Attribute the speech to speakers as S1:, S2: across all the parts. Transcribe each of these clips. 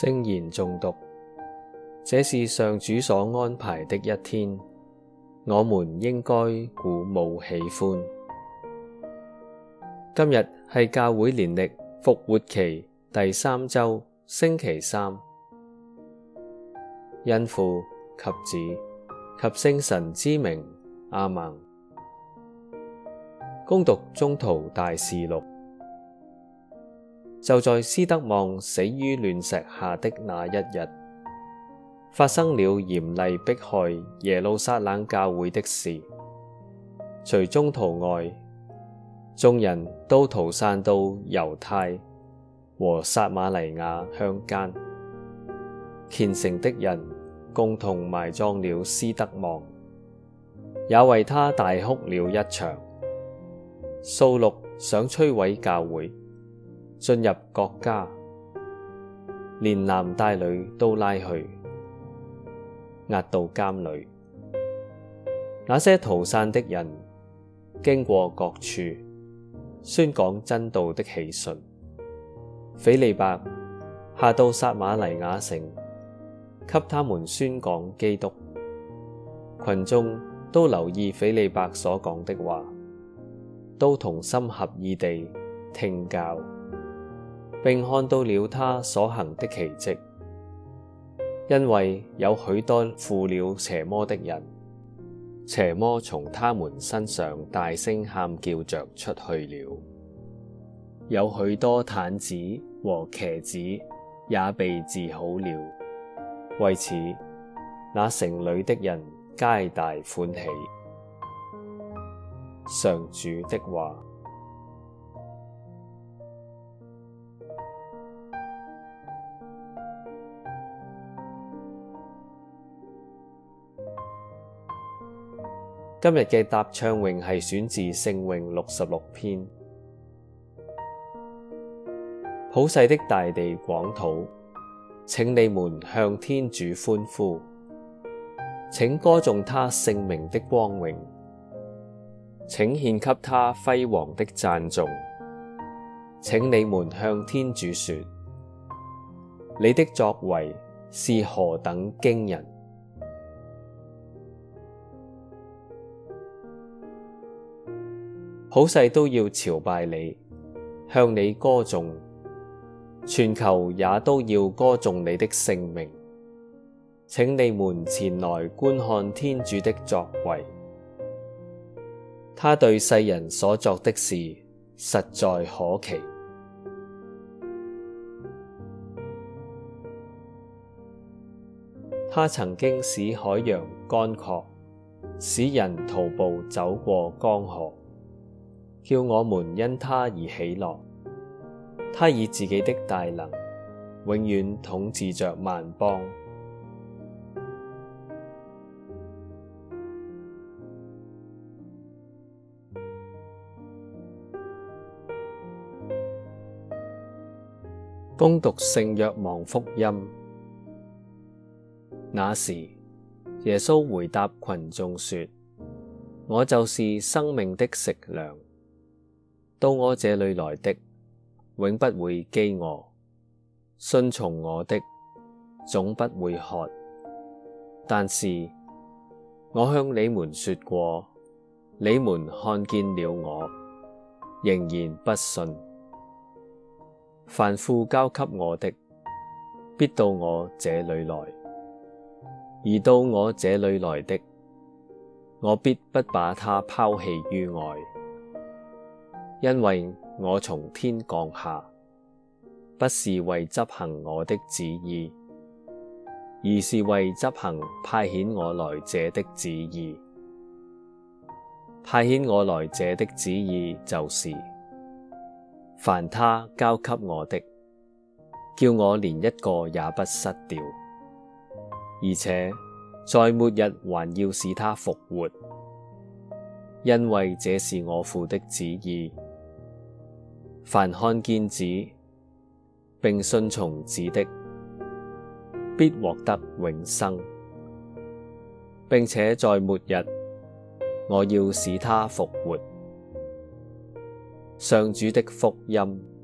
S1: 聖言誦讀，這是上主所安排的一天，我們應該鼓舞喜歡。今日係教會年曆復活期第三周星期三，因父及子及聖神之名阿門。恭讀宗徒大事錄。就在斯德望死於亂石下的那一日，發生了嚴厲迫害耶路撒冷教會的事。除宗徒外，眾人都逃散到猶太和撒瑪黎雅鄉間，虔誠的人共同埋葬了斯德望，也為他大哭了一場。掃祿想摧毀教會。進入各家，連男帶女都拉去，押到監裏。那些逃散的人經過各處，宣講真道的喜訊。斐理伯下到撒瑪黎雅城，給他們宣講基督。群眾都留意斐理伯所講的話，都同心合意地聽教。並看到了他所行的奇蹟，因為有許多附了邪魔的人，邪魔從他們身上大聲喊叫着出去了。有許多癱子和瘸子也被治好了，為此，那城裏的人皆大歡喜。上主的話。今日嘅答唱詠，係選自聖詠六十六篇。普世的大地廣土，請你們向天主歡呼，請歌頌他聖名的光榮，請獻給他輝煌的讚頌，請你們向天主說：你的作為是何等驚人！普世都要朝拜你，向你歌頌，全球也都要歌頌你的聖名，請你們前來觀看天主的作為，他對世人所作的事實在可奇。他曾經使海洋乾涸，使人徒步走過江河。叫我們因他而喜樂。他以自己的大能，永遠統治着萬邦。恭讀聖若望福音。那時，耶穌回答群眾說：我就是生命的食糧。到我這裏來的，永不會饑餓；信從我的，總不會渴。但是我向你們說過，你們看見了我，仍然不信。凡父交給我的，必到我這裏來；而到我這裏來的，我必不把他拋棄於外。因為我從天降下，不是為執行我的旨意，而是為執行派遣我來者的旨意。派遣我來者的旨意就是：凡他交給我的，叫我連一個也不失掉；而且在末日還要使他復活，因為這是我父的旨意。凡看見子，並信從子的，必獲得永生；並且在末日，我要使他復活。」—上主的福音。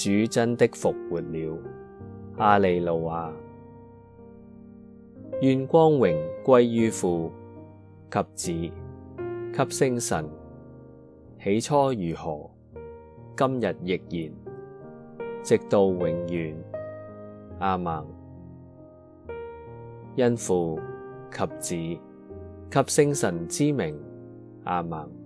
S1: 主真的復活了，阿利路亞、啊！願光榮歸於父及子及聖神，起初如何，今日亦然，直到永遠，阿門。因父及子及聖神之名，阿門。